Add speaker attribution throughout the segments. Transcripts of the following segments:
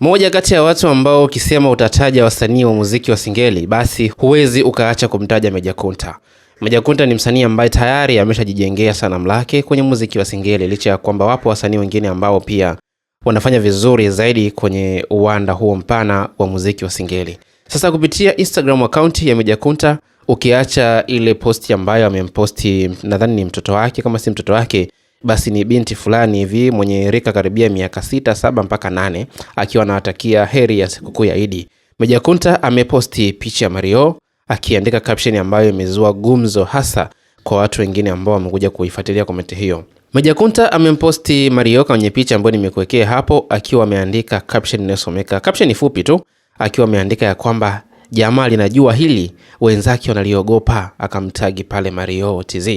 Speaker 1: Moja kati ya watu ambao ukisema utataja wasanii wa muziki wa Singeli basi huwezi ukaacha kumtaja Meja Kunta. Meja Kunta ni msanii ambaye tayari ameshajijengea sanamu lake kwenye muziki wa Singeli, licha ya kwamba wapo wasanii wengine ambao pia wanafanya vizuri zaidi kwenye uwanda huo mpana wa muziki wa Singeli. Sasa kupitia Instagram account ya Meja Kunta, ukiacha ile posti ambayo amemposti, nadhani ni mtoto wake, kama si mtoto wake basi ni binti fulani hivi mwenye rika karibia miaka sita saba mpaka nane akiwa anawatakia heri ya sikukuu ya Idi. Meja Kunta ameposti picha ya Mario akiandika caption ambayo imezua gumzo hasa kwa watu wengine ambao wamekuja kuifuatilia komenti hiyo. Meja Kunta amemposti Mario kwenye picha ambayo nimekuwekea hapo akiwa ameandika caption inayosomeka, caption fupi tu, akiwa ameandika ya kwamba jamaa linajua hili, wenzake wanaliogopa, akamtagi pale Mario TZ.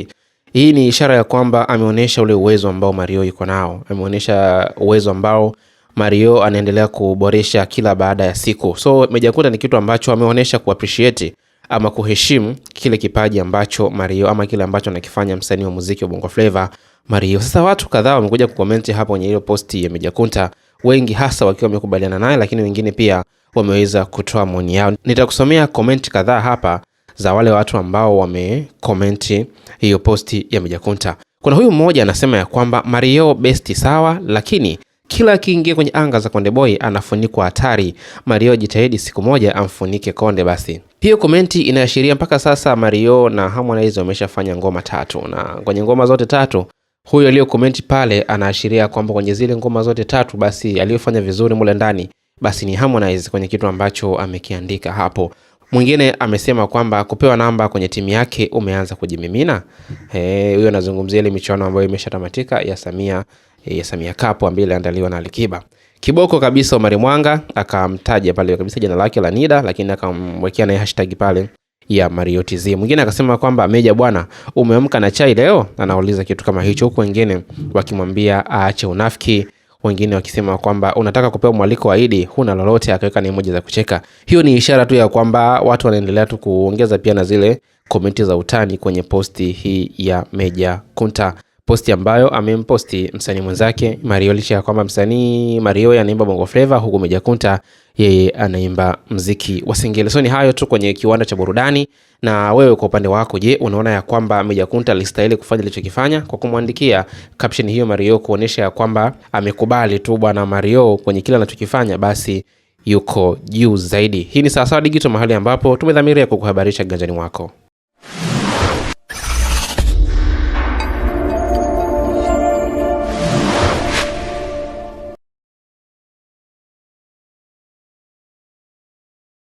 Speaker 1: Hii ni ishara ya kwamba ameonyesha ule uwezo ambao Mario yuko nao, ameonyesha uwezo ambao Mario anaendelea kuboresha kila baada ya siku. So Meja ni kitu ambacho ameonyesha kuappreciate ama kuheshimu kile kipaji ambacho Mario ama kile ambacho anakifanya msanii wa muziki wa Bongo Flava Mario. Sasa watu kadhaa wamekuja kukomenti hapo kwenye hiyo posti ya Meja Kunta, wengi hasa wakiwa wamekubaliana naye, lakini wengine pia wameweza kutoa maoni yao. Nitakusomea komenti kadhaa hapa za wale watu ambao wamekomenti hiyo posti ya Mijakunta. Kuna huyu mmoja anasema ya kwamba Mario besti sawa, lakini kila akiingia kwenye anga za Konde Boy anafunikwa hatari. Mario jitahidi siku moja amfunike Konde basi. Hiyo komenti inaashiria mpaka sasa Mario na Harmonize wameshafanya ngoma tatu, na kwenye ngoma zote tatu huyo komenti pale anaashiria kwamba kwenye zile ngoma zote tatu basi aliyofanya vizuri mule ndani basi ni Harmonize kwenye kitu ambacho amekiandika hapo. Mwingine amesema kwamba kupewa namba kwenye timu yake umeanza kujimimina. Huyo anazungumzia ile michuano ambayo imeshatamatika ya Samia eh, ya Samia Cup ambayo iliandaliwa na Alikiba. Kiboko kabisa Omari Mwanga akamtaja pale kabisa jina lake la Nida, lakini akamwekea naye hashtag pale ya Mario TZ. Mwingine akasema kwamba Meja bwana, umeamka na chai leo, anauliza kitu kama hicho, huku wengine wakimwambia aache unafiki wengine wakisema kwamba unataka kupewa mwaliko wa Idi, huna lolote, akaweka ni moja za kucheka. Hiyo ni ishara tu ya kwamba watu wanaendelea tu kuongeza pia na zile komenti za utani kwenye posti hii ya Meja Kunta posti ambayo amemposti msanii mwenzake Mario, licha ya kwamba msanii Mario anaimba bongo flava, huku Meja Kunta yeye anaimba mziki wa singeli. So ni hayo tu kwenye kiwanda cha burudani. Na wewe kwa upande wako, je, unaona ya kwamba Meja Kunta alistahili kufanya alichokifanya kwa kumwandikia caption hiyo Mario, kuonyesha ya kwamba amekubali tu bwana Mario kwenye kile anachokifanya, basi yuko juu zaidi. Hii ni Sawasawa Digital, mahali ambapo tumedhamiria kukuhabarisha ganjani mwako.